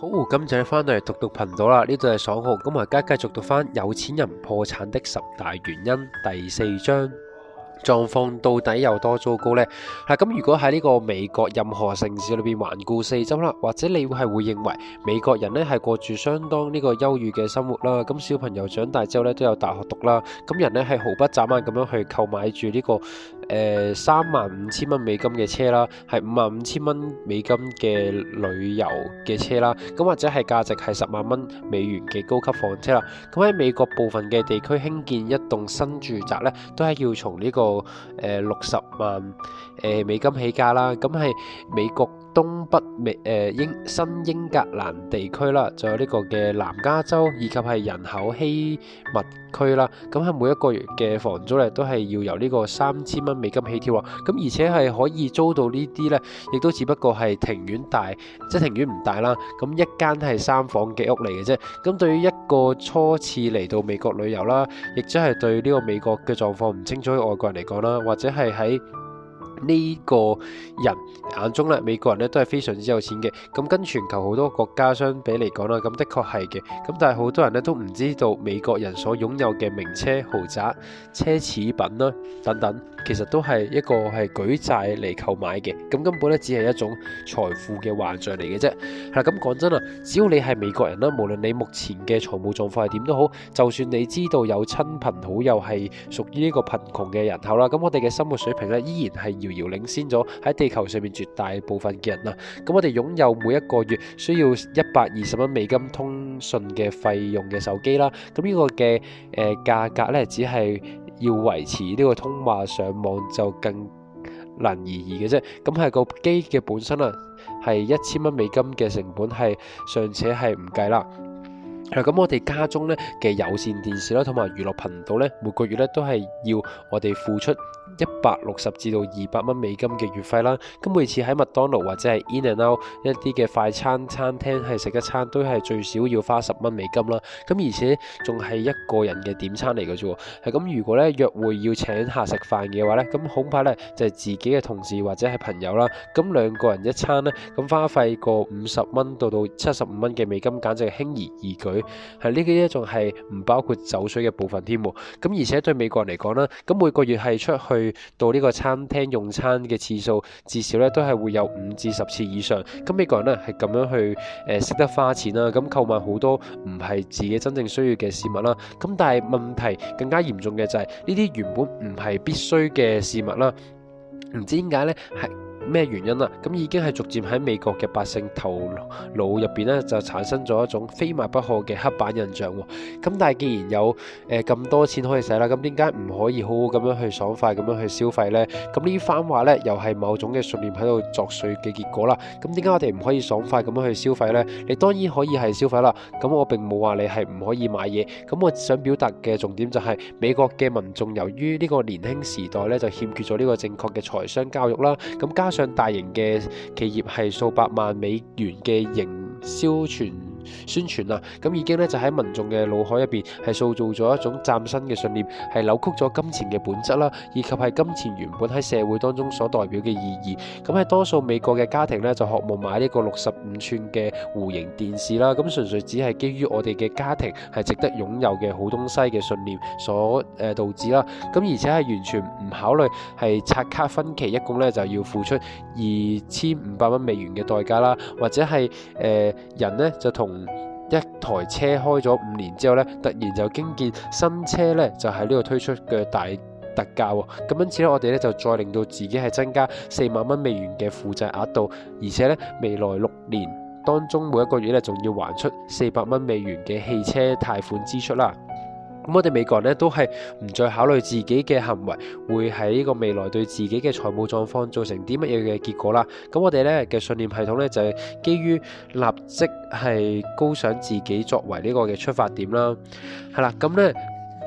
好，今仔翻嚟讀讀頻道啦，呢度係爽豪，咁啊，而家繼續讀翻有錢人破產的十大原因第四章。狀況到底有多糟糕呢？嗱、啊，咁如果喺呢個美國任何城市裏邊環顧四周啦，或者你會係會認為美國人呢係過住相當呢個優裕嘅生活啦。咁、啊、小朋友長大之後呢，都有大學讀啦。咁、啊、人呢係毫不眨眼咁樣去購買住呢、這個誒三、呃、萬五千蚊美金嘅車啦，係五萬五千蚊美金嘅旅遊嘅車啦。咁或者係價值係十萬蚊美元嘅高級房車啦。咁、啊、喺、啊、美國部分嘅地區興建一棟新住宅呢，都係要從呢、這個。誒，六十萬，誒、呃，美金起價啦，咁係美國東北美誒、英新英格蘭地區啦，仲有呢個嘅南加州以及係人口稀密區啦，咁喺每一個月嘅房租咧都係要由呢個三千蚊美金起跳啊，咁而且係可以租到呢啲呢，亦都只不過係庭院大，即係庭院唔大啦，咁一間係三房嘅屋嚟嘅啫，咁對於一個初次嚟到美國旅遊啦，亦即係對呢個美國嘅狀況唔清楚嘅外國人嚟講啦，或者係喺呢個人眼中咧，美國人咧都係非常之有錢嘅。咁跟全球好多國家相比嚟講啦，咁的確係嘅。咁但係好多人咧都唔知道美國人所擁有嘅名車、豪宅、奢侈品啦等等，其實都係一個係舉債嚟購買嘅。咁根本咧只係一種財富嘅幻象嚟嘅啫。係啦，咁講真啦，只要你係美國人啦，無論你目前嘅財務狀況係點都好，就算你知道有親朋好友係屬於呢個貧窮嘅人口啦，咁我哋嘅生活水平咧依然係要遙領先咗喺地球上面絕大部分嘅人啦，咁我哋擁有每一個月需要一百二十蚊美金通訊嘅費用嘅手機啦，咁呢個嘅價格呢，只係要維持呢個通話上網就更難而已嘅啫，咁係個機嘅本身啊，係一千蚊美金嘅成本係尚且係唔計啦。咁，我哋家中咧嘅有線電視啦，同埋娛樂頻道咧，每個月咧都係要我哋付出一百六十至到二百蚊美金嘅月費啦。咁每次喺麥當勞或者係 In and Out 一啲嘅快餐餐，餐廳係食一餐都係最少要花十蚊美金啦。咁而且仲係一個人嘅點餐嚟嘅啫。係咁，如果咧約會要請客食飯嘅話咧，咁恐怕咧就係自己嘅同事或者係朋友啦。咁兩個人一餐咧，咁花費過五十蚊到到七十五蚊嘅美金，簡直輕而易舉。係呢啲咧，仲係唔包括酒水嘅部分添。咁而且對美國人嚟講啦，咁每個月係出去到呢個餐廳用餐嘅次數至少咧都係會有五至十次以上。咁美國人咧係咁樣去誒識得花錢啦。咁購買好多唔係自己真正需要嘅事物啦。咁但係問題更加嚴重嘅就係呢啲原本唔係必須嘅事物啦，唔知點解呢？係。咩原因啊？咁已經係逐漸喺美國嘅百姓頭腦入邊咧，就產生咗一種非買不可嘅刻板印象。咁但係既然有誒咁、呃、多錢可以使啦，咁點解唔可以好好咁樣去爽快咁樣去消費呢？咁呢番話呢，又係某種嘅信念喺度作祟嘅結果啦。咁點解我哋唔可以爽快咁樣去消費呢？你當然可以係消費啦。咁我並冇話你係唔可以買嘢。咁我想表達嘅重點就係、是、美國嘅民眾由於呢個年輕時代呢，就欠缺咗呢個正確嘅財商教育啦。咁加上大型嘅企業係數百萬美元嘅營銷存。宣傳啦，咁已經咧就喺民眾嘅腦海入邊係塑造咗一種嶄新嘅信念，係扭曲咗金錢嘅本質啦，以及係金錢原本喺社會當中所代表嘅意義。咁喺多數美國嘅家庭呢，就渴望買呢個六十五寸嘅弧形電視啦，咁純粹只係基於我哋嘅家庭係值得擁有嘅好東西嘅信念所誒導致啦。咁而且係完全唔考慮係刷卡分期一共呢就要付出二千五百蚊美元嘅代價啦，或者係誒、呃、人呢就同。一台車開咗五年之後咧，突然就驚見新車呢就喺呢個推出嘅大特價喎，咁因此咧我哋呢就再令到自己係增加四萬蚊美元嘅負債額度，而且呢未來六年當中每一個月呢，仲要還出四百蚊美元嘅汽車貸款支出啦。咁我哋美國人咧都係唔再考慮自己嘅行為，會喺呢個未來對自己嘅財務狀況造成啲乜嘢嘅結果啦。咁我哋咧嘅信念系統咧就係、是、基於立即係高想自己作為呢個嘅出發點啦。係啦，咁咧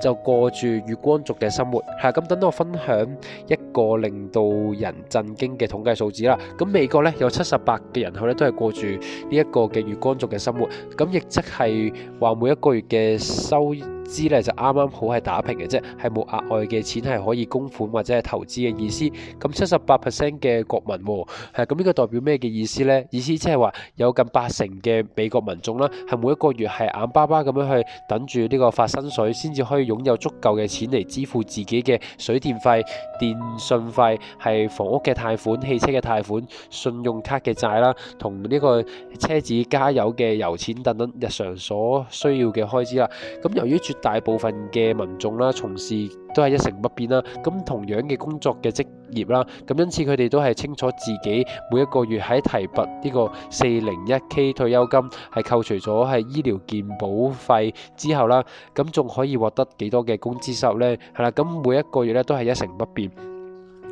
就過住月光族嘅生活。係啊，咁等等我分享一個令到人震驚嘅統計數字啦。咁美國咧有七十八嘅人口咧都係過住呢一個嘅月光族嘅生活，咁亦即係話每一個月嘅收知咧就啱啱好係打平嘅啫，係冇額外嘅錢係可以供款或者係投資嘅意思。咁七十八 percent 嘅國民係咁呢個代表咩嘅意思呢？意思即係話有近八成嘅美國民眾啦，係每一個月係眼巴巴咁樣去等住呢個發薪水先至可以擁有足夠嘅錢嚟支付自己嘅水電費、電信費、係房屋嘅貸款、汽車嘅貸款、信用卡嘅債啦，同呢個車子加油嘅油錢等等日常所需要嘅開支啦。咁由於絕大部分嘅民眾啦，從事都係一成不變啦。咁同樣嘅工作嘅職業啦，咁因此佢哋都係清楚自己每一個月喺提撥呢個四零一 K 退休金，係扣除咗係醫療健保費之後啦，咁仲可以獲得幾多嘅工資收入咧？係啦，咁每一個月咧都係一成不變。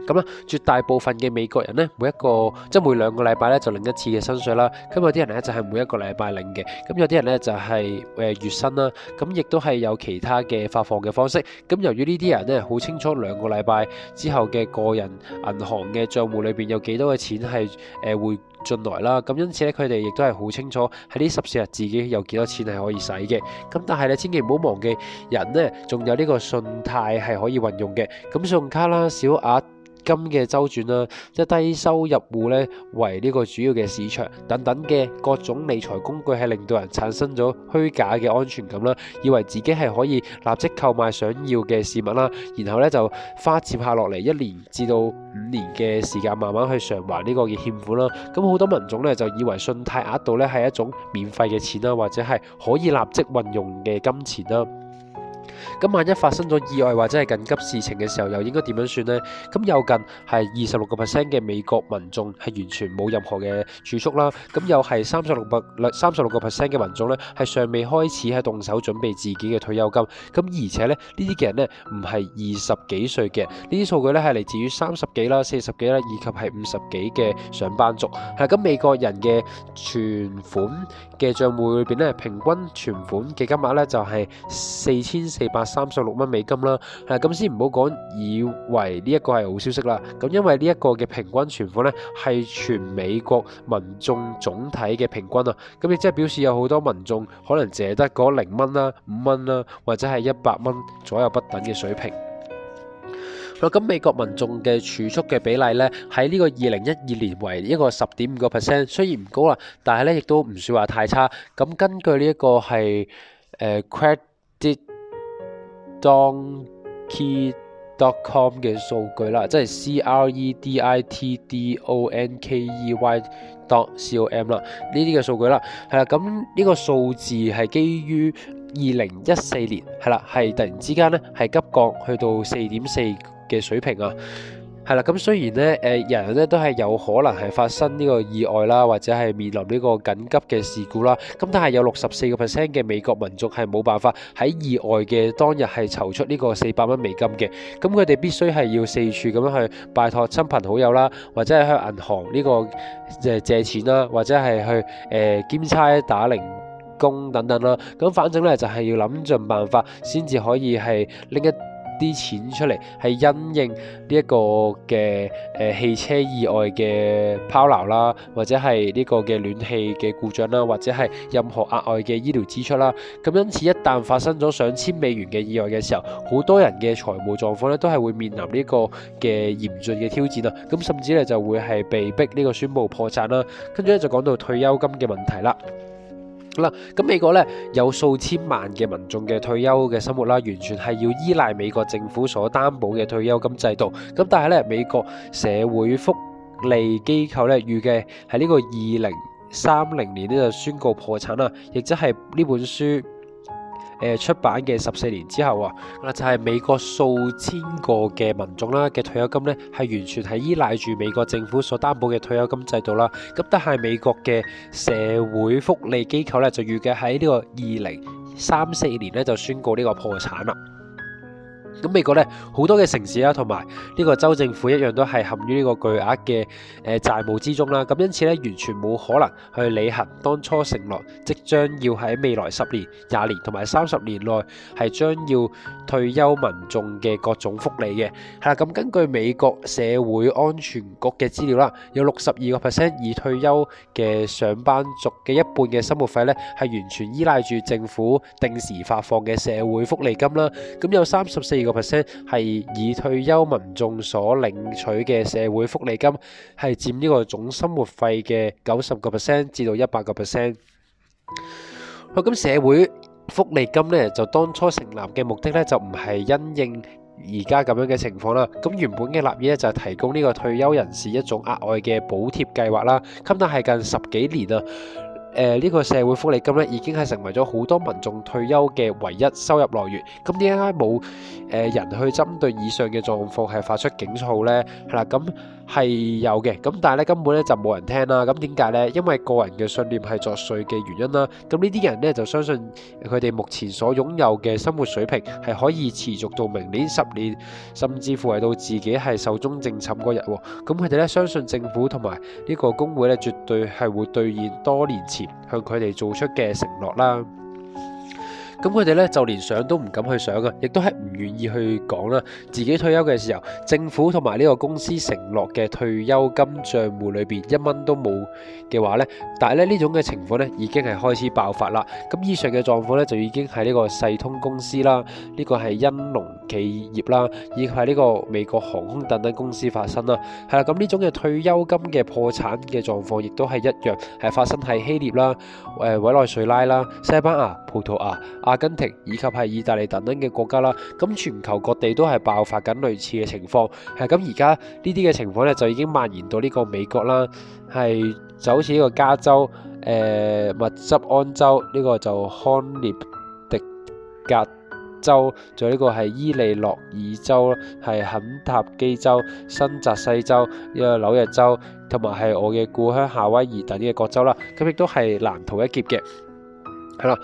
咁啦，絕大部分嘅美國人咧，每一個即係每兩個禮拜咧就領一次嘅薪水啦。咁有啲人咧就係每一個禮拜領嘅，咁有啲人咧就係誒月薪啦。咁亦都係有其他嘅發放嘅方式。咁由於呢啲人咧好清楚兩個禮拜之後嘅個人銀行嘅帳戶裏邊有幾多嘅錢係誒會進來啦。咁因此咧，佢哋亦都係好清楚喺呢十四日自己有幾多錢係可以使嘅。咁但係咧，千祈唔好忘記，人咧仲有呢個信貸係可以運用嘅。咁信用卡啦，小額金嘅周轉啦，即低收入戶咧為呢個主要嘅市場等等嘅各種理財工具係令到人產生咗虛假嘅安全感啦，以為自己係可以立即購買想要嘅事物啦，然後咧就花接下落嚟一年至到五年嘅時間慢慢去償還呢個嘅欠款啦。咁好多民眾咧就以為信貸額度咧係一種免費嘅錢啦，或者係可以立即運用嘅金錢啦。咁萬一發生咗意外或者係緊急事情嘅時候，又應該點樣算呢？咁又近係二十六個 percent 嘅美國民眾係完全冇任何嘅儲蓄啦，咁又係三十六百三十六個 percent 嘅民眾咧係尚未開始喺動手準備自己嘅退休金，咁而且咧呢啲嘅人咧唔係二十幾歲嘅，呢啲數據咧係嚟自於三十幾啦、四十幾啦以及係五十幾嘅上班族。係咁美國人嘅存款嘅賬戶裏邊咧，平均存款嘅金額咧就係四千四。百三十六蚊美金啦，啊咁先唔好講，以為呢一個係好消息啦。咁因為呢一個嘅平均存款呢，係全美國民眾總體嘅平均啊。咁亦即係表示有好多民眾可能借得嗰零蚊啦、五蚊啦，或者係一百蚊左右不等嘅水平。咁美國民眾嘅儲蓄嘅比例呢，喺呢個二零一二年為一個十點五個 percent，雖然唔高啦，但係呢亦都唔算話太差。咁根據呢一個係誒、呃 Donkey.com 嘅數據啦，即係 C R E D I T D O N K E Y .com 啦，呢啲嘅數據啦，係啦，咁、這、呢個數字係基於二零一四年，係啦，係突然之間咧，係急降去到四點四嘅水平啊。係啦，咁雖然咧，誒，人人咧都係有可能係發生呢個意外啦，或者係面臨呢個緊急嘅事故啦，咁但係有六十四個 percent 嘅美國民族係冇辦法喺意外嘅當日係籌出呢個四百蚊美金嘅，咁佢哋必須係要四處咁樣去拜託親朋好友啦，或者係向銀行呢個誒借錢啦，或者係去誒兼差打零工等等啦，咁反正咧就係要諗盡辦法先至可以係拎一啲錢出嚟係因應呢一個嘅誒、呃、汽車意外嘅拋錨啦，或者係呢個嘅暖氣嘅故障啦，或者係任何額外嘅醫療支出啦。咁因此一旦發生咗上千美元嘅意外嘅時候，好多人嘅財務狀況咧都係會面臨呢個嘅嚴峻嘅挑戰啊！咁甚至咧就會係被逼呢個宣布破產啦。跟住咧就講到退休金嘅問題啦。嗱，咁、嗯、美國咧有數千萬嘅民眾嘅退休嘅生活啦，完全係要依賴美國政府所擔保嘅退休金制度。咁但係咧，美國社會福利機構咧預計喺呢個二零三零年呢度宣告破產啦，亦即係呢本書。出版嘅十四年之後啊，就係、是、美國數千個嘅民眾啦嘅退休金呢係完全係依賴住美國政府所擔保嘅退休金制度啦。咁但係美國嘅社會福利機構呢就預計喺呢個二零三四年呢就宣告呢個破產啦。咁美國咧好多嘅城市啊，同埋呢個州政府一樣都係陷於呢個巨額嘅誒債務之中啦。咁因此咧，完全冇可能去履行當初承諾，即將要喺未來十年、廿年同埋三十年內係將要退休民眾嘅各種福利嘅。係啦，咁根據美國社會安全局嘅資料啦，有六十二個 percent 已退休嘅上班族嘅一半嘅生活費咧，係完全依賴住政府定時發放嘅社會福利金啦。咁有三十四個。個 percent 係以退休民眾所領取嘅社會福利金，係佔呢個總生活費嘅九十個 percent 至到一百個 percent。好咁，社會福利金咧就當初成立嘅目的咧就唔係因應而家咁樣嘅情況啦。咁原本嘅立意咧就係提供呢個退休人士一種額外嘅補貼計劃啦。咁但係近十幾年啊。誒呢、呃這個社會福利金咧，已經係成為咗好多民眾退休嘅唯一收入來源。咁點解冇誒人去針對以上嘅狀況係發出警報呢？係啦，咁。係有嘅，咁但係咧根本咧就冇人聽啦。咁點解咧？因為個人嘅信念係作祟嘅原因啦。咁呢啲人咧就相信佢哋目前所擁有嘅生活水平係可以持續到明年十年，甚至乎係到自己係壽終正寢嗰日。咁佢哋咧相信政府同埋呢個工會咧，絕對係會兌現多年前向佢哋做出嘅承諾啦。咁佢哋咧就連想都唔敢去想啊，亦都係唔願意去講啦。自己退休嘅時候，政府同埋呢個公司承諾嘅退休金帳戶裏邊一蚊都冇嘅話咧，但係咧呢種嘅情況咧已經係開始爆發啦。咁以上嘅狀況咧就已經係呢個世通公司啦，呢個係恩隆企業啦，以及係呢個美國航空等等公司發生啦。係啦，咁呢種嘅退休金嘅破產嘅狀況亦都係一樣，係發生喺希臘啦、誒委內瑞拉啦、西班牙、葡萄牙啊。阿根廷以及係意大利等等嘅國家啦，咁全球各地都係爆發緊類似嘅情況，係咁而家呢啲嘅情況咧就已經蔓延到呢個美國啦，係就好似呢個加州、誒密執安州呢、這個就康涅狄格州，仲有呢個係伊利諾爾州、係肯塔基州、新澤西州、一、這個紐約州，同埋係我嘅故鄉夏威夷等嘅各州啦，咁亦都係難逃一劫嘅，係啦。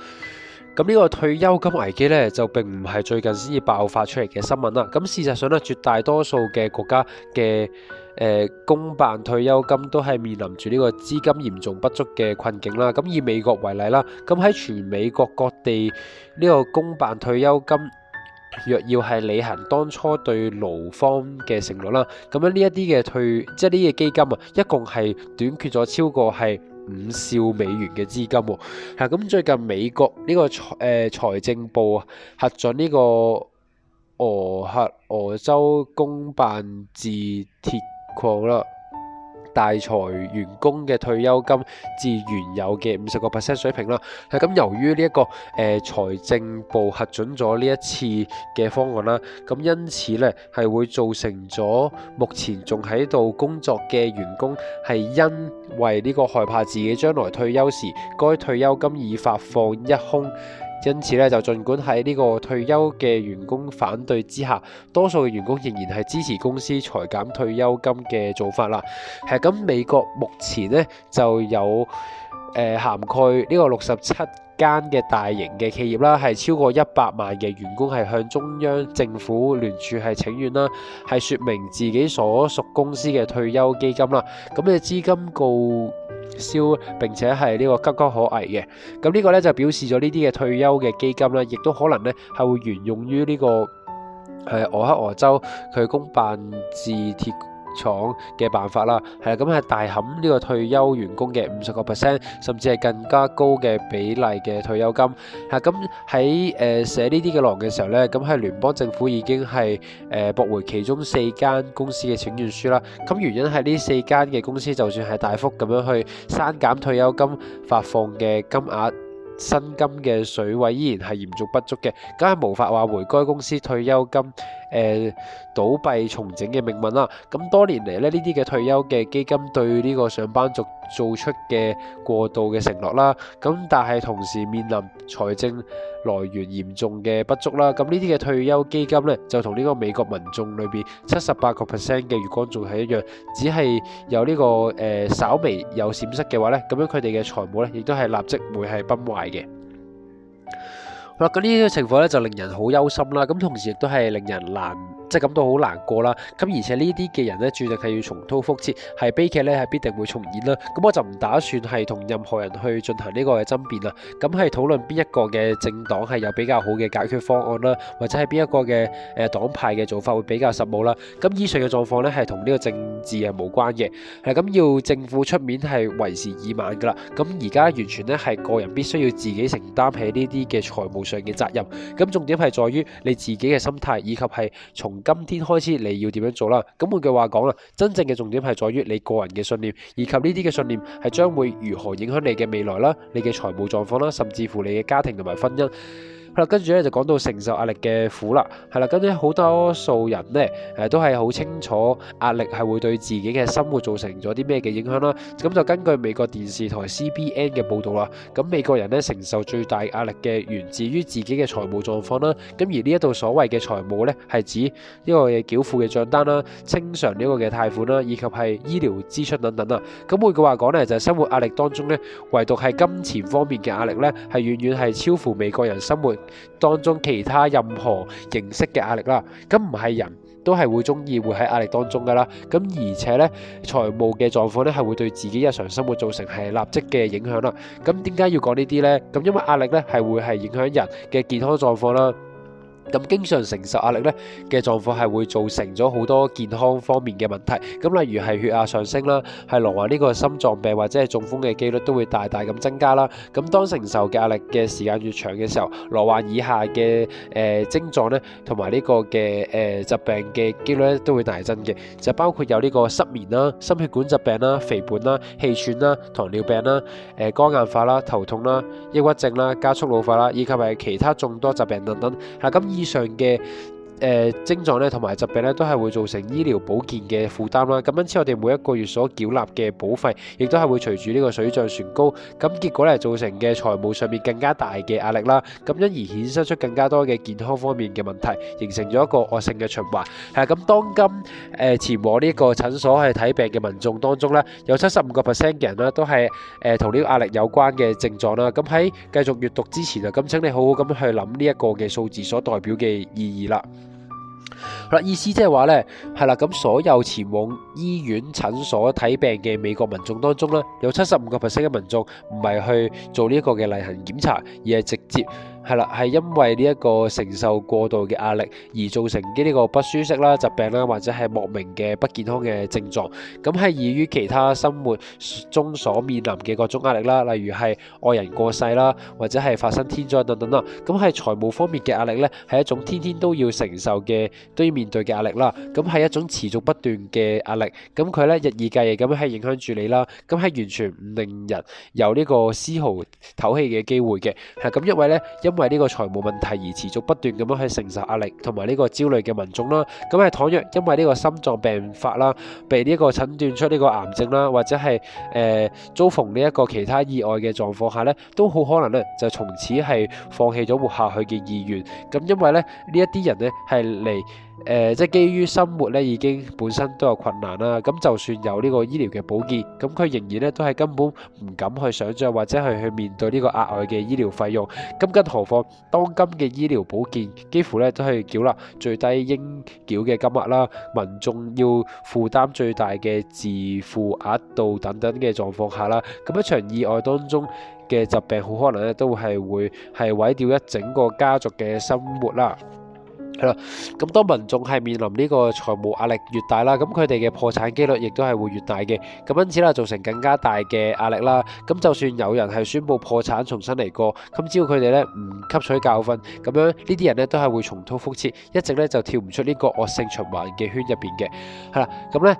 咁呢個退休金危機呢，就並唔係最近先至爆發出嚟嘅新聞啦。咁事實上呢，絕大多數嘅國家嘅誒、呃、公辦退休金都係面臨住呢個資金嚴重不足嘅困境啦。咁以美國為例啦，咁喺全美國各地呢個公辦退休金，若要係履行當初對勞方嘅承諾啦，咁樣呢一啲嘅退，即係呢啲基金啊，一共係短缺咗超過係五兆美元嘅資金喎，咁、嗯、最近美國呢個誒財、呃、財政部核准呢個俄亥俄州公辦自鐵礦啦。大財員工嘅退休金至原有嘅五十個 percent 水平啦，係、嗯、咁由於呢一個誒、呃、財政部核准咗呢一次嘅方案啦，咁、嗯、因此呢係會造成咗目前仲喺度工作嘅員工係因為呢個害怕自己將來退休時，該退休金已發放一空。因此咧，就儘管喺呢個退休嘅員工反對之下，多數嘅員工仍然係支持公司裁減退休金嘅做法啦。係咁，美國目前呢就有誒、呃、涵蓋呢個六十七間嘅大型嘅企業啦，係超過一百萬嘅員工係向中央政府聯署係請願啦，係説明自己所屬公司嘅退休基金啦，咁、那、嘅、個、資金告。燒並且係呢個岌岌可危嘅，咁呢個咧就表示咗呢啲嘅退休嘅基金咧，亦都可能咧係會沿用於呢、這個係、呃、俄克俄州佢公辦自鐵，廠嘅辦法啦，係啦，咁係大冚呢個退休員工嘅五十個 percent，甚至係更加高嘅比例嘅退休金。吓，咁喺誒寫呢啲嘅狼嘅時候咧，咁係聯邦政府已經係誒駁回其中四間公司嘅請願書啦。咁原因係呢四間嘅公司就算係大幅咁樣去刪減退休金、發放嘅金額，薪金嘅水位，依然係嚴重不足嘅，梗係無法話回該公司退休金。誒，倒閉重整嘅命運啦，咁多年嚟咧，呢啲嘅退休嘅基金對呢個上班族做出嘅過度嘅承諾啦，咁但係同時面臨財政來源嚴重嘅不足啦，咁呢啲嘅退休基金咧就同呢個美國民眾裏邊七十八個 percent 嘅月光族係一樣，只係有呢個誒稍微有閃失嘅話咧，咁樣佢哋嘅財務咧亦都係立即會係崩壞嘅。嗱，咁呢個情況咧就令人好憂心啦，咁同時亦都係令人難。即係感到好難過啦，咁而且呢啲嘅人咧，注定係要重蹈覆轍，係悲劇咧係必定會重演啦。咁我就唔打算係同任何人去進行呢個嘅爭辯啦。咁係討論邊一個嘅政黨係有比較好嘅解決方案啦，或者係邊一個嘅誒、呃、黨派嘅做法會比較實務啦。咁以上嘅狀況咧係同呢個政治係無關嘅，係咁要政府出面係為時已晚㗎喇。咁而家完全咧係個人必須要自己承擔起呢啲嘅財務上嘅責任。咁重點係在於你自己嘅心態以及係從。從今天開始，你要點樣做啦？咁換句話講啦，真正嘅重點係在於你個人嘅信念，以及呢啲嘅信念係將會如何影響你嘅未來啦、你嘅財務狀況啦，甚至乎你嘅家庭同埋婚姻。啦，跟住咧就講到承受壓力嘅苦啦，係啦，跟住好多數人咧誒，都係好清楚壓力係會對自己嘅生活造成咗啲咩嘅影響啦。咁就根據美國電視台當中其他任何形式嘅壓力啦，咁唔係人都係會中意會喺壓力當中噶啦，咁而且呢，財務嘅狀況呢係會對自己日常生活造成係立即嘅影響啦，咁點解要講呢啲呢？咁因為壓力呢係會係影響人嘅健康狀況啦。咁經常承受壓力咧嘅狀況係會造成咗好多健康方面嘅問題，咁例如係血壓上升啦，係罹患呢個心臟病或者係中風嘅機率都會大大咁增加啦。咁當承受嘅壓力嘅時間越長嘅時候，罹患以下嘅誒症狀咧，同埋呢個嘅誒疾病嘅機率咧都會大增嘅，就包括有呢個失眠啦、心血管疾病啦、肥胖啦、氣喘啦、糖尿病啦、誒肝硬化啦、頭痛啦、抑鬱症啦、加速老化啦，以及係其他眾多疾病等等。係咁。以上嘅。誒症狀咧同埋疾病咧都係會造成醫療保健嘅負擔啦。咁因此我哋每一個月所繳納嘅保費，亦都係會隨住呢個水漲船高。咁結果咧造成嘅財務上面更加大嘅壓力啦。咁因而衍生出更加多嘅健康方面嘅問題，形成咗一個惡性嘅循環。係啊，咁當今誒前往呢個診所去睇病嘅民眾當中咧，有七十五個 percent 嘅人啦，都係誒同呢個壓力有關嘅症狀啦。咁喺繼續閱讀之前啊，咁請你好好咁去諗呢一個嘅數字所代表嘅意義啦。意思即係話呢，係啦，咁所有前往醫院診所睇病嘅美國民眾當中，呢有七十五個 percent 嘅民眾唔係去做呢一個嘅例行檢查，而係直接。係啦，係因為呢一個承受過度嘅壓力而造成嘅呢個不舒適啦、疾病啦，或者係莫名嘅不健康嘅症狀。咁係異於其他生活中所面臨嘅各種壓力啦，例如係愛人過世啦，或者係發生天災等等啦。咁係財務方面嘅壓力咧，係一種天天都要承受嘅，都要面對嘅壓力啦。咁係一種持續不斷嘅壓力，咁佢咧日以繼夜咁樣係影響住你啦。咁係完全唔令人有呢個絲毫透氣嘅機會嘅。係咁，因為咧，因因為呢個財務問題而持續不斷咁樣去承受壓力同埋呢個焦慮嘅民眾啦，咁係倘若因為呢個心臟病發啦，被呢個診斷出呢個癌症啦，或者係誒、呃、遭逢呢一個其他意外嘅狀況下呢，都好可能呢就從此係放棄咗活下去嘅意願，咁因為呢，呢一啲人呢係嚟。誒、呃，即係基於生活咧，已經本身都有困難啦。咁就算有呢個醫療嘅保健，咁佢仍然咧都係根本唔敢去想象，或者係去面對呢個額外嘅醫療費用。咁更何況，當今嘅醫療保健幾乎咧都係繳納最低應繳嘅金額啦，民眾要負擔最大嘅自負額度等等嘅狀況下啦，咁一場意外當中嘅疾病，好可能咧都係會係毀掉一整個家族嘅生活啦。係啦，咁當民眾係面臨呢個財務壓力越大啦，咁佢哋嘅破產機率亦都係會越大嘅，咁因此啦，造成更加大嘅壓力啦，咁就算有人係宣布破產重新嚟過，咁只要佢哋咧唔吸取教訓，咁樣呢啲人咧都係會重蹈覆轍，一直咧就跳唔出呢個惡性循環嘅圈入邊嘅。係、嗯、啦，咁咧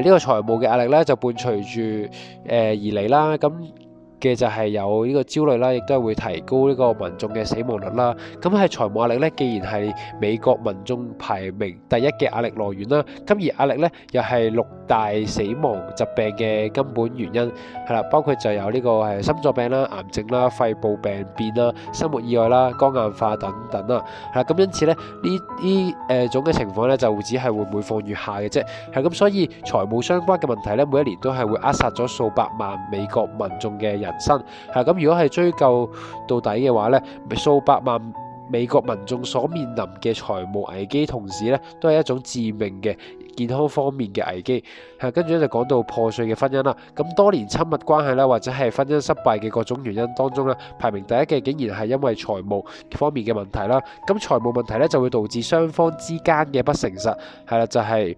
誒呢個財務嘅壓力咧就伴隨住誒而嚟啦，咁、嗯。嘅就係有呢個焦慮啦，亦都係會提高呢個民眾嘅死亡率啦。咁係財務壓力咧，既然係美國民眾排名第一嘅壓力來源啦，咁而壓力咧又係六大死亡疾病嘅根本原因係啦，包括就有呢個係心臟病啦、癌症啦、肺部病變啦、生活意外啦、肝硬化等等啦。係啦，咁因此咧呢呢誒種嘅情況咧就只係會唔會放越下嘅啫。係咁，所以財務相關嘅問題咧，每一年都係會扼殺咗數百萬美國民眾嘅人。新嚇咁，如果係追究到底嘅話呢，數百萬美國民眾所面臨嘅財務危機，同時呢，都係一種致命嘅健康方面嘅危機。嚇，跟住咧就講到破碎嘅婚姻啦。咁多年親密關係咧，或者係婚姻失敗嘅各種原因當中呢，排名第一嘅竟然係因為財務方面嘅問題啦。咁財務問題呢，就會導致雙方之間嘅不誠實。係啦，就係。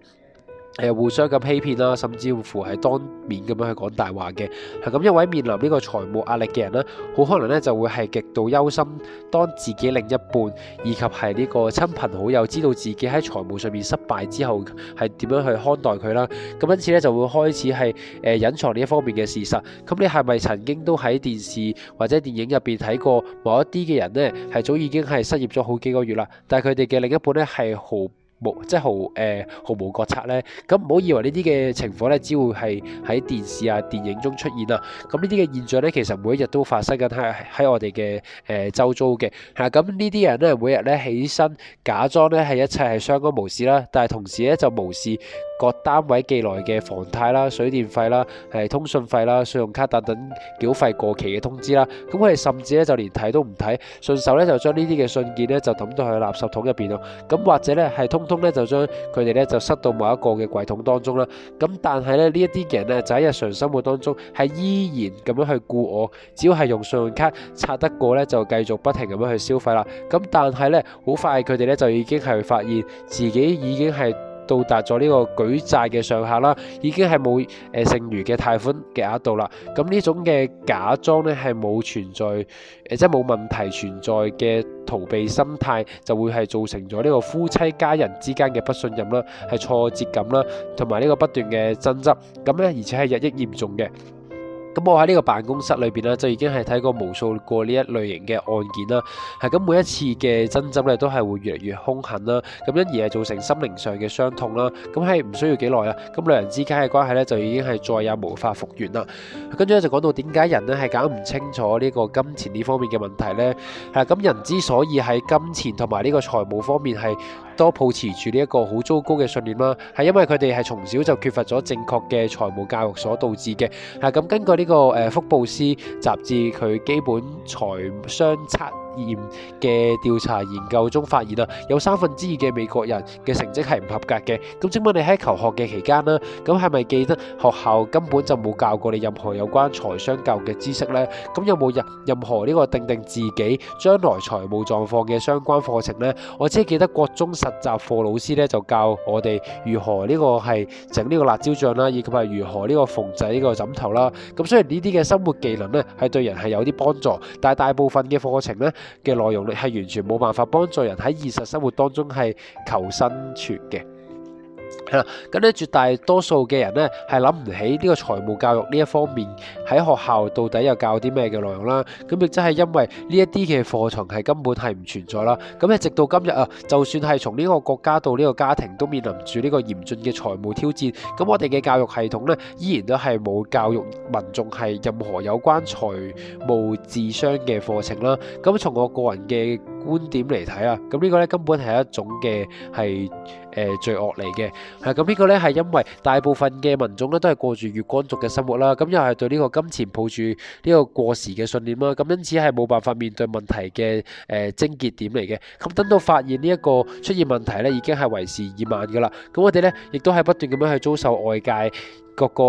誒互相咁欺騙啦，甚至乎係當面咁樣去講大話嘅。係咁，一位面臨呢個財務壓力嘅人呢，好可能呢就會係極度憂心，當自己另一半以及係呢個親朋好友知道自己喺財務上面失敗之後，係點樣去看待佢啦？咁因此呢，就會開始係誒隱藏呢一方面嘅事實。咁你係咪曾經都喺電視或者電影入邊睇過某一啲嘅人呢？係早已經係失業咗好幾個月啦，但係佢哋嘅另一半呢，係好……無，即係毫，誒毫無覺察咧，咁唔好以為呢啲嘅情況咧，只會係喺電視啊、電影中出現啦。咁呢啲嘅現象咧，其實每一日都發生緊喺喺我哋嘅誒周遭嘅吓。咁呢啲人咧，每日咧起身假裝咧係一切係相干無事啦，但係同時咧就無視各單位寄來嘅房貸啦、水電費啦、係通訊費啦、信用卡等等繳費過期嘅通知啦。咁佢哋甚至咧就連睇都唔睇，順手咧就將呢啲嘅信件咧就抌到去垃圾桶入邊咯。咁或者咧係通。通咧就將佢哋咧就塞到某一個嘅櫃桶當中啦。咁但係咧呢一啲人咧就喺日常生活當中係依然咁樣去故我，只要係用信用卡刷得過咧就繼續不停咁樣去消費啦。咁但係咧好快佢哋咧就已經係發現自己已經係。到達咗呢個舉債嘅上限啦，已經係冇誒剩餘嘅貸款嘅額度啦。咁呢種嘅假裝呢，係冇存在誒，即係冇問題存在嘅逃避心態，就會係造成咗呢個夫妻家人之間嘅不信任啦，係挫折感啦，同埋呢個不斷嘅爭執，咁呢，而且係日益嚴重嘅。咁我喺呢個辦公室裏邊咧，就已經係睇過無數過呢一類型嘅案件啦。係咁每一次嘅爭執咧，都係會越嚟越兇狠啦。咁因而係造成心靈上嘅傷痛啦。咁係唔需要幾耐啦。咁兩人之間嘅關係咧，就已經係再也無法復原啦。跟住咧就講到點解人咧係搞唔清楚呢個金錢呢方面嘅問題咧？係咁人之所以喺金錢同埋呢個財務方面係。多抱持住呢一個好糟糕嘅信念啦，係因為佢哋係從小就缺乏咗正確嘅財務教育所導致嘅。係、啊、咁，根據呢、這個誒、呃、福布斯雜誌，佢基本財商測。驗嘅調查研究中發現啊，有三分之二嘅美國人嘅成績係唔合格嘅。咁請問你喺求學嘅期間呢？咁係咪記得學校根本就冇教過你任何有關財商教育嘅知識呢？咁有冇任任何呢個定定自己將來財務狀況嘅相關課程呢？我只係記得國中實習課老師呢，就教我哋如何呢個係整呢個辣椒醬啦，以及係如何呢個縫製呢個枕頭啦。咁雖然呢啲嘅生活技能呢係對人係有啲幫助，但係大部分嘅課程呢。嘅內容力係完全冇辦法幫助人喺現實生活當中係求生存嘅。吓咁咧，絕大多數嘅人咧係諗唔起呢個財務教育呢一方面喺學校到底有教啲咩嘅內容啦。咁亦即係因為呢一啲嘅課程係根本係唔存在啦。咁咧直到今日啊，就算係從呢個國家到呢個家庭都面臨住呢個嚴峻嘅財務挑戰，咁我哋嘅教育系統咧依然都係冇教育民眾係任何有關財務智商嘅課程啦。咁從我個人嘅觀點嚟睇啊，咁呢個咧根本係一種嘅係誒罪惡嚟嘅，係咁呢個咧係因為大部分嘅民眾咧都係過住月光族嘅生活啦，咁又係對呢個金錢抱住呢個過時嘅信念啦，咁因此係冇辦法面對問題嘅誒症結點嚟嘅，咁等到發現呢一個出現問題咧，已經係為時已晚噶啦，咁我哋咧亦都係不斷咁樣去遭受外界各個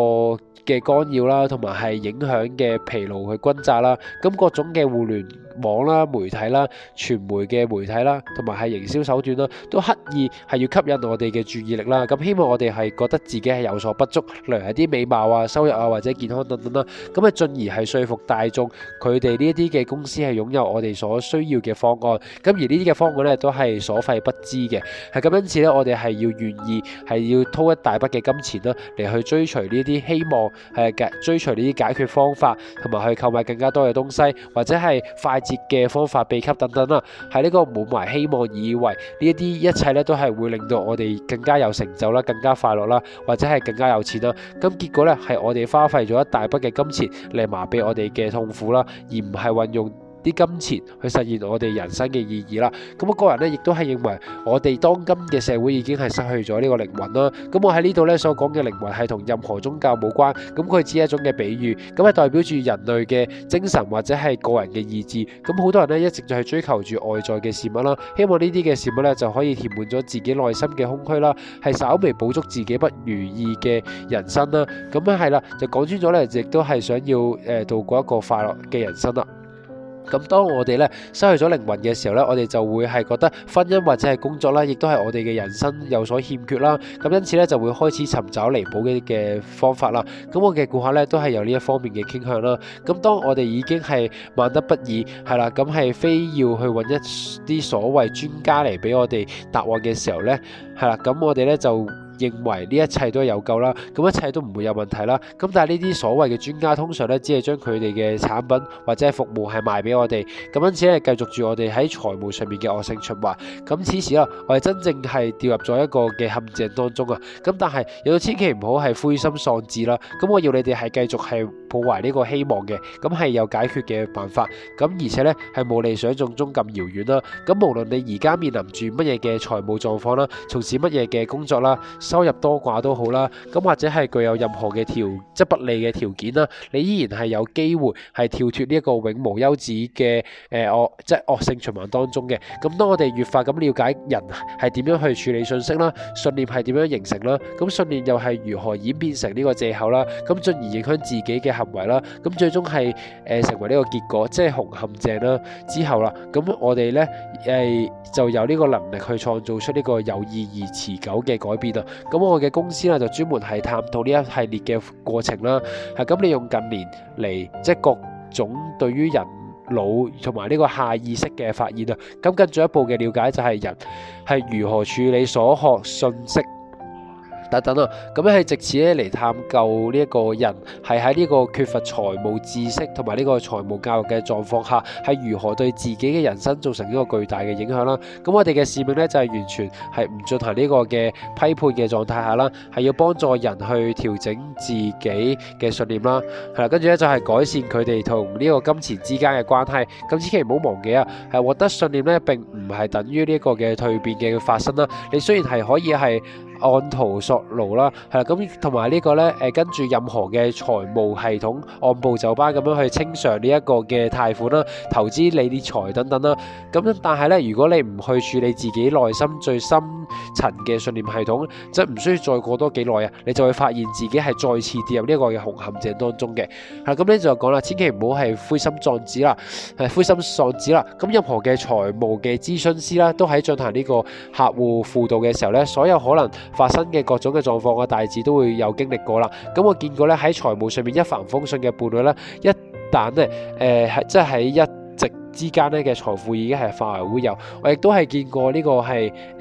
嘅干擾啦，同埋係影響嘅疲勞去轟炸啦，咁各種嘅互聯網啦、媒體啦、傳媒嘅媒體啦，同埋係營銷手段啦，都刻意係要吸引我哋嘅注意力啦。咁希望我哋係覺得自己係有所不足，例如係啲美貌啊、收入啊或者健康等等啦。咁啊，進而係說服大眾，佢哋呢一啲嘅公司係擁有我哋所需要嘅方案。咁而呢啲嘅方案咧，都係所費不貲嘅。係咁因此咧，我哋係要願意係要掏一大筆嘅金錢啦，嚟去追隨呢啲希望係解追隨呢啲解決方法，同埋去購買更加多嘅東西，或者係快。嘅方法秘笈等等啦，喺、啊、呢個滿懷希望，以為呢一啲一切咧都係會令到我哋更加有成就啦，更加快樂啦，或者係更加有錢啦。咁、啊、結果咧係我哋花費咗一大筆嘅金錢嚟麻痹我哋嘅痛苦啦，而唔係運用。啲金錢去實現我哋人生嘅意義啦。咁我個人咧，亦都係認為我哋當今嘅社會已經係失去咗呢個靈魂啦。咁我喺呢度咧所講嘅靈魂係同任何宗教冇關，咁佢只係一種嘅比喻，咁係代表住人類嘅精神或者係個人嘅意志。咁好多人咧一直就係追求住外在嘅事物啦，希望呢啲嘅事物咧就可以填滿咗自己內心嘅空虛啦，係稍微補足自己不如意嘅人生啦。咁樣係啦，就講穿咗咧，亦都係想要誒度過一個快樂嘅人生啦。咁當我哋咧失去咗靈魂嘅時候咧，我哋就會係覺得婚姻或者係工作啦，亦都係我哋嘅人生有所欠缺啦。咁因此咧就會開始尋找彌補嘅方法啦。咁我嘅顧客咧都係有呢一方面嘅傾向啦。咁當我哋已經係萬得不已，係啦，咁係非要去揾一啲所謂專家嚟俾我哋答案嘅時候咧，係啦，咁我哋咧就。認為呢一切都係有救啦，咁一切都唔會有問題啦。咁但係呢啲所謂嘅專家，通常咧只係將佢哋嘅產品或者服務係賣俾我哋，咁因此咧繼續住我哋喺財務上面嘅惡性循環，咁此時啊，我哋真正係掉入咗一個嘅陷阱當中啊。咁但係有千祈唔好係灰心喪志啦。咁我要你哋係繼續係抱懷呢個希望嘅，咁係有解決嘅辦法。咁而且咧係冇你想象中咁遙遠啦。咁無論你而家面臨住乜嘢嘅財務狀況啦，從事乜嘢嘅工作啦。收入多寡都好啦，咁或者係具有任何嘅條即係不利嘅條件啦，你依然係有機會係跳脫呢一個永無休止嘅誒惡即係惡性循環當中嘅。咁當我哋越發咁了解人係點樣去處理信息啦，信念係點樣形成啦，咁信念又係如何演變成呢個借口啦，咁進而影響自己嘅行為啦，咁最終係誒成為呢個結果，即係紅陷阱啦之後啦，咁我哋咧誒就有呢個能力去創造出呢個有意義持久嘅改變啊！咁我嘅公司咧就專門係探討呢一系列嘅過程啦，係咁你用近年嚟即各種對於人腦同埋呢個下意識嘅發現啊，咁更進一步嘅了解就係人係如何處理所學信息。等等啊！咁樣係藉此咧嚟，探究呢一個人係喺呢個缺乏財務知識同埋呢個財務教育嘅狀況下，係如何對自己嘅人生造成一個巨大嘅影響啦。咁我哋嘅使命咧就係、是、完全係唔進行呢個嘅批判嘅狀態下啦，係要幫助人去調整自己嘅信念啦。係啦，跟住咧就係、是、改善佢哋同呢個金錢之間嘅關係。咁千祈唔好忘記啊，係獲得信念咧，並唔係等於呢一個嘅蛻變嘅發生啦。你雖然係可以係。按圖索驢啦，係啦、這個，咁同埋呢個咧，誒跟住任何嘅財務系統按部就班咁樣去清償呢一個嘅貸款啦、投資理啲財等等啦，咁但係咧，如果你唔去處理自己內心最深層嘅信念系統，即係唔需要再過多幾耐啊，你就會發現自己係再次跌入呢一個嘅紅陷阱當中嘅。係啦，咁咧就講啦，千祈唔好係灰心喪志啦，係灰心喪志啦。咁任何嘅財務嘅諮詢師啦，都喺進行呢個客戶輔導嘅時候咧，所有可能，發生嘅各種嘅狀況，我大致都會有經歷過啦。咁我見過咧喺財務上面一帆風順嘅伴侶咧，一旦咧誒係即係喺一夕之間咧嘅財富已經係化為烏有。我亦都係見過呢個係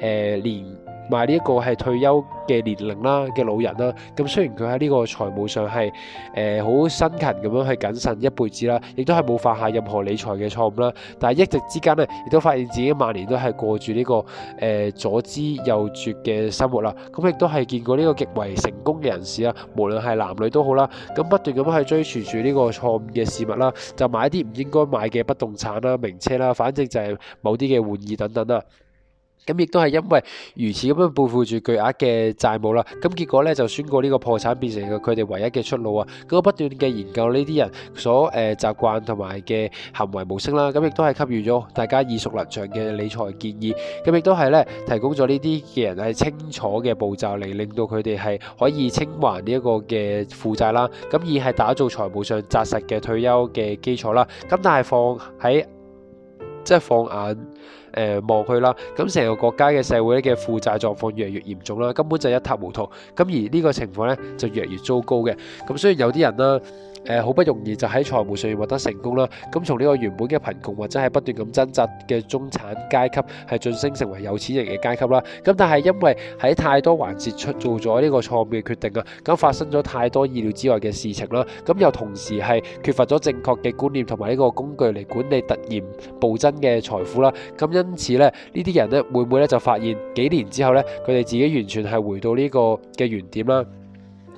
誒年，呃年買呢一個係退休嘅年齡啦嘅老人啦，咁雖然佢喺呢個財務上係誒好辛勤咁樣去謹慎一輩子啦，亦都係冇犯下任何理財嘅錯誤啦，但係一直之間咧，亦都發現自己晚年都係過住呢個誒左支右絀嘅生活啦。咁亦都係見過呢個極為成功嘅人士啊，無論係男女都好啦，咁不斷咁樣去追隨住呢個錯誤嘅事物啦，就買啲唔應該買嘅不動產啦、名車啦，反正就係某啲嘅玩意等等啊。咁亦都係因為如此咁樣背負住巨額嘅債務啦，咁結果咧就宣告呢個破產變成咗佢哋唯一嘅出路啊！咁不斷嘅研究呢啲人所誒習慣同埋嘅行為模式啦，咁亦都係給予咗大家耳熟能詳嘅理財建議，咁亦都係咧提供咗呢啲嘅人係清楚嘅步驟嚟令到佢哋係可以清還呢一個嘅負債啦，咁而係打造財務上扎實嘅退休嘅基礎啦。咁但係放喺即係放眼。誒、呃、望去啦，咁成個國家嘅社會嘅負債狀況越嚟越嚴重啦，根本就一塌糊塗，咁而呢個情況呢，就越嚟越糟糕嘅，咁所以有啲人啦。誒，好不容易就喺財務上面獲得成功啦，咁從呢個原本嘅貧窮或者係不斷咁掙扎嘅中產階級，係晉升成為有錢人嘅階級啦。咁但係因為喺太多環節出做咗呢個錯誤嘅決定啊，咁發生咗太多意料之外嘅事情啦，咁又同時係缺乏咗正確嘅觀念同埋呢個工具嚟管理突然暴增嘅財富啦。咁因此咧，呢啲人咧會唔會咧就發現幾年之後咧，佢哋自己完全係回到呢個嘅原點啦？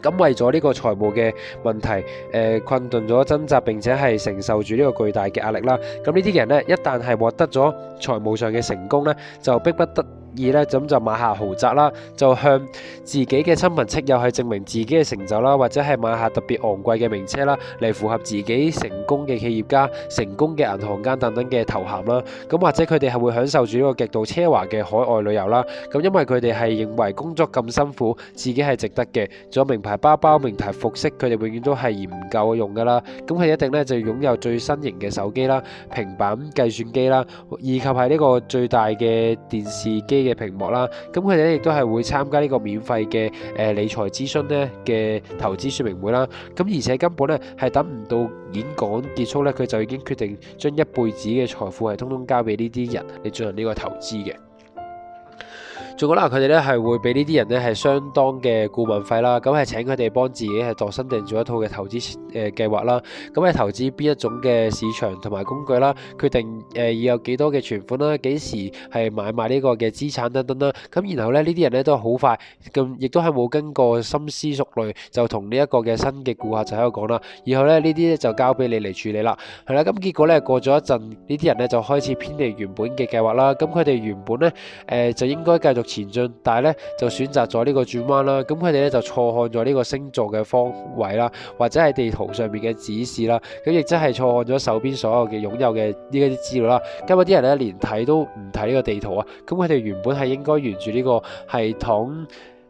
咁為咗呢個財務嘅問題，誒、呃、困頓咗、掙扎並且係承受住呢個巨大嘅壓力啦。咁呢啲人咧，一旦係獲得咗財務上嘅成功咧，就逼不得。二咧，咁就買下豪宅啦，就向自己嘅親朋戚友去證明自己嘅成就啦，或者係買下特別昂貴嘅名車啦，嚟符合自己成功嘅企業家、成功嘅銀行家等等嘅頭銜啦。咁或者佢哋係會享受住呢個極度奢華嘅海外旅遊啦。咁因為佢哋係認為工作咁辛苦，自己係值得嘅。仲有名牌包包、名牌服飾，佢哋永遠都係嫌唔夠用噶啦。咁佢一定咧就擁有最新型嘅手機啦、平板計算機啦，以及係呢個最大嘅電視機嘅屏幕啦，咁佢哋亦都係會參加呢個免費嘅誒理財諮詢咧嘅投資說明會啦，咁而且根本咧係等唔到演講結束咧，佢就已經決定將一輩子嘅財富係通通交俾呢啲人嚟進行呢個投資嘅。仲可能佢哋咧係會俾呢啲人咧係相當嘅顧問費啦，咁係請佢哋幫自己係度身訂做一套嘅投資誒計劃啦，咁係投資邊一種嘅市場同埋工具啦，決定誒要有幾多嘅存款啦，幾時係買賣呢個嘅資產等等啦，咁然後咧呢啲人咧都好快，咁亦都係冇經過深思熟慮就同呢一個嘅新嘅顧客就喺度講啦，然後咧呢啲咧就交俾你嚟處理啦，係啦，咁結果咧過咗一陣，呢啲人咧就開始偏離原本嘅計劃啦，咁佢哋原本咧誒就應該繼續。前進，但係咧就選擇咗呢個轉彎啦。咁佢哋咧就錯看咗呢個星座嘅方位啦，或者係地圖上面嘅指示啦。咁亦即係錯看咗手邊所有嘅擁有嘅呢一啲資料啦。咁有啲人咧連睇都唔睇呢個地圖啊。咁佢哋原本係應該沿住呢個系統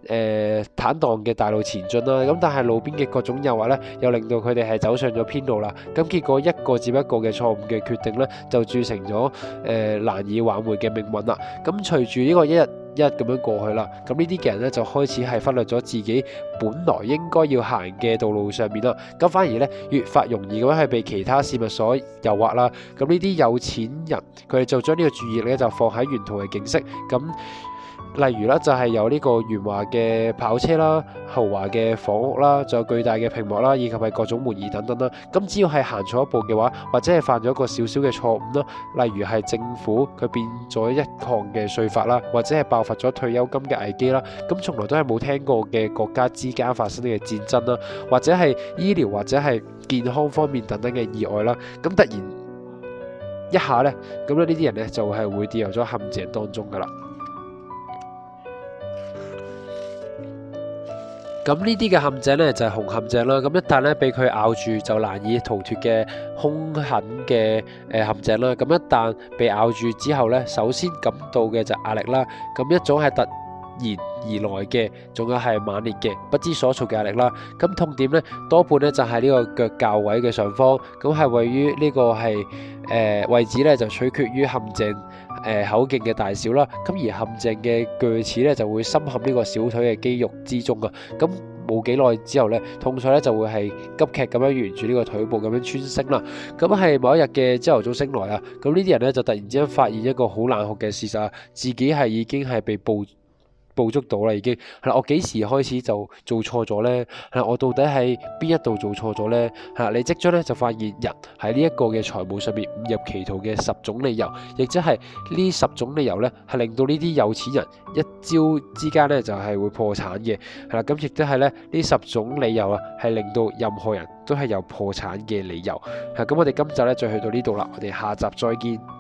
誒坦蕩嘅大路前進啦。咁但係路邊嘅各種誘惑咧，又令到佢哋係走上咗偏路啦。咁結果一個接一個嘅錯誤嘅決定咧，就鑄成咗誒難以挽回嘅命運啦。咁隨住呢個一日。一咁樣過去啦，咁呢啲嘅人咧就開始係忽略咗自己本來應該要行嘅道路上面啦，咁反而咧越發容易咁樣係被其他事物所誘惑啦。咁呢啲有錢人，佢哋就將呢個注意力咧就放喺沿途嘅景色咁。例如咧，就係有呢個豪華嘅跑車啦、豪華嘅房屋啦，仲有巨大嘅屏幕啦，以及係各種玩意等等啦。咁只要係行錯一步嘅話，或者係犯咗個少少嘅錯誤啦，例如係政府佢變咗一項嘅稅法啦，或者係爆發咗退休金嘅危機啦，咁從來都係冇聽過嘅國家之間發生嘅戰爭啦，或者係醫療或者係健康方面等等嘅意外啦，咁突然一下呢，咁呢啲人呢，就係會跌入咗陷阱當中噶啦。咁呢啲嘅陷阱咧就係紅陷阱啦，咁一旦咧俾佢咬住就難以逃脫嘅凶狠嘅誒陷阱啦。咁一旦被咬住之後咧，首先感到嘅就係壓力啦。咁一種係突然而來嘅，仲有係猛烈嘅不知所措嘅壓力啦。咁痛點咧多半咧就係呢個腳較位嘅上方，咁係位於呢個係誒位置咧就取決於陷阱。誒、呃，口徑嘅大小啦，咁而陷阱嘅鋸齒咧就會深陷呢個小腿嘅肌肉之中啊，咁冇幾耐之後咧，痛楚咧就會係急劇咁樣沿住呢個腿部咁樣竄升啦，咁係某一日嘅朝頭早醒來啊，咁呢啲人咧就突然之間發現一個好殘酷嘅事實啊，自己係已經係被捕。捕捉到啦，已經係啦。我幾時開始就做錯咗呢？係我到底喺邊一度做錯咗呢？係你即將咧，就發現人喺呢一個嘅財務上面誤入歧途嘅十種理由，亦即係呢十種理由呢，係令到呢啲有錢人一朝之間咧，就係會破產嘅。係啦，咁亦都係咧呢十種理由啊，係令到任何人都係有破產嘅理由。係咁，我哋今集咧就去到呢度啦，我哋下集再見。